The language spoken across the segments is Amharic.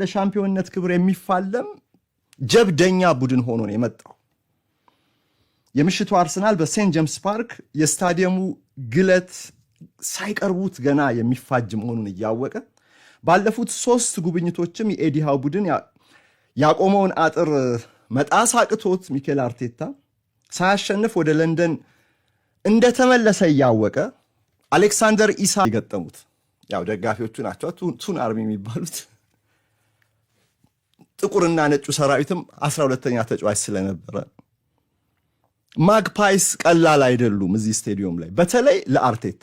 ለሻምፒዮንነት ክብር የሚፋለም ጀብደኛ ቡድን ሆኖ ነው የመጣው። የምሽቱ አርሰናል በሴንት ጄምስ ፓርክ የስታዲየሙ ግለት ሳይቀርቡት ገና የሚፋጅ መሆኑን እያወቀ ባለፉት ሶስት ጉብኝቶችም የኤዲሃው ቡድን ያቆመውን አጥር መጣስ አቅቶት ሚኬል አርቴታ ሳያሸንፍ ወደ ለንደን እንደተመለሰ እያወቀ አሌክሳንደር ኢሳ የገጠሙት ያው ደጋፊዎቹ ናቸው ቱን አርሚ የሚባሉት ጥቁርና ነጩ ሰራዊትም አስራ ሁለተኛ ተጫዋች ስለነበረ ማግፓይስ ቀላል አይደሉም እዚህ ስቴዲዮም ላይ በተለይ ለአርቴታ።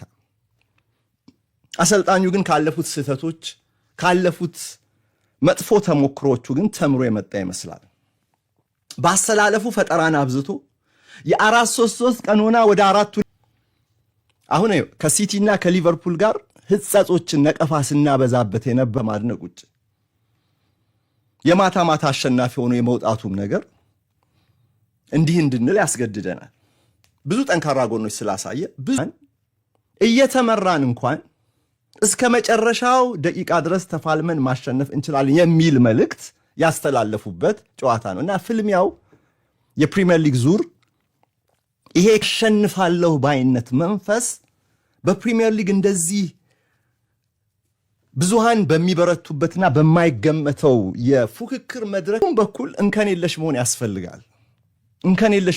አሰልጣኙ ግን ካለፉት ስህተቶች ካለፉት መጥፎ ተሞክሮቹ ግን ተምሮ የመጣ ይመስላል። በአሰላለፉ ፈጠራን አብዝቶ የአራት ሶስት ሶስት ቀኖና ወደ አራቱ አሁን ከሲቲና ከሊቨርፑል ጋር ህጸጾችን ነቀፋ ስናበዛበት የነበ ማድነቅ ውጭ የማታ ማታ አሸናፊ ሆኖ የመውጣቱም ነገር እንዲህ እንድንል ያስገድደናል። ብዙ ጠንካራ ጎኖች ስላሳየ ብዙ እየተመራን እንኳን እስከ መጨረሻው ደቂቃ ድረስ ተፋልመን ማሸነፍ እንችላለን የሚል መልእክት ያስተላለፉበት ጨዋታ ነው እና ፍልሚያው የፕሪሚየር ሊግ ዙር ይሄ ያሸንፋለሁ ባይነት መንፈስ በፕሪሚየር ሊግ እንደዚህ ብዙሃን በሚበረቱበትና በማይገመተው የፉክክር መድረክ በኩል እንከን የለሽ መሆን ያስፈልጋል። እንከን የለሽ